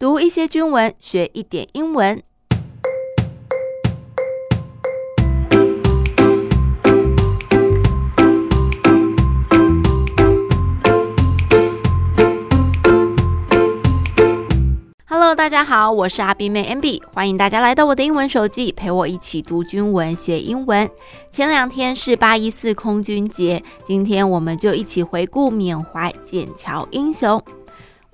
讀一些中文，學一點英文。Hello，大家好，我是阿碧妹 MB，歡迎大家來到我的英文手記，陪我一起讀中文學英文。前兩天是八一四空軍節，今天我們就一起回顧緬懷筧橋英雄。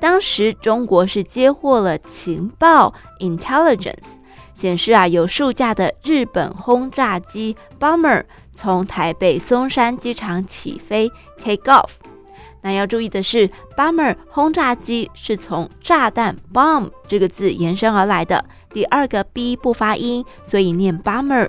當時中國是接獲了情報，intelligence 顯示啊，有數架的日本轟炸機 bomber 從台北松山機場起飛 take off。那要注意的是，bomber 轟炸機是從炸彈 bomb 這個字延伸而來的，第二個 b 不發音，所以念 bomber。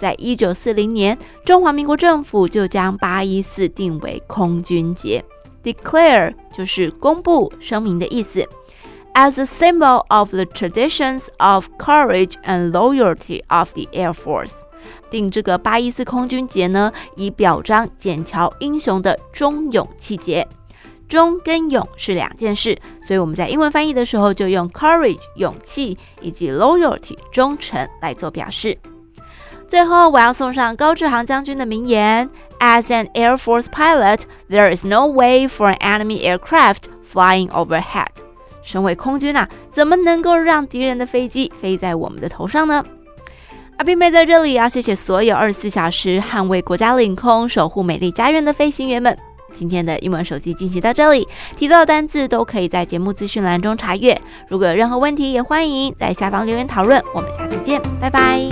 在一九四零年，中華民國政府就將八一四定為空軍節。Declare 就是公布、聲明的意思。As a symbol of the traditions of courage and loyalty of the Air Force，定這個八一四空軍節呢，以表彰筧橋英雄的忠勇氣節。忠跟勇是兩件事，所以我們在英文翻譯的時候，就用 courage（ 勇氣）以及 loyalty（ 忠誠）來做表示。最後，我要送上高志航將軍的名言：As an air force pilot, there is no way for an enemy aircraft flying overhead。身為空軍吶、啊，怎麼能夠讓敵人的飛機飛在我們的頭上呢？阿冰妹在這裡要、啊、謝謝所有二十四小時捍衛國家領空、守護美麗家園的飛行員們。今天的英文手機進行到這裡，提到的單字都可以在節目資訊欄中查閱。如果有任何問題，也歡迎在下方留言討論。我們下次見，拜拜。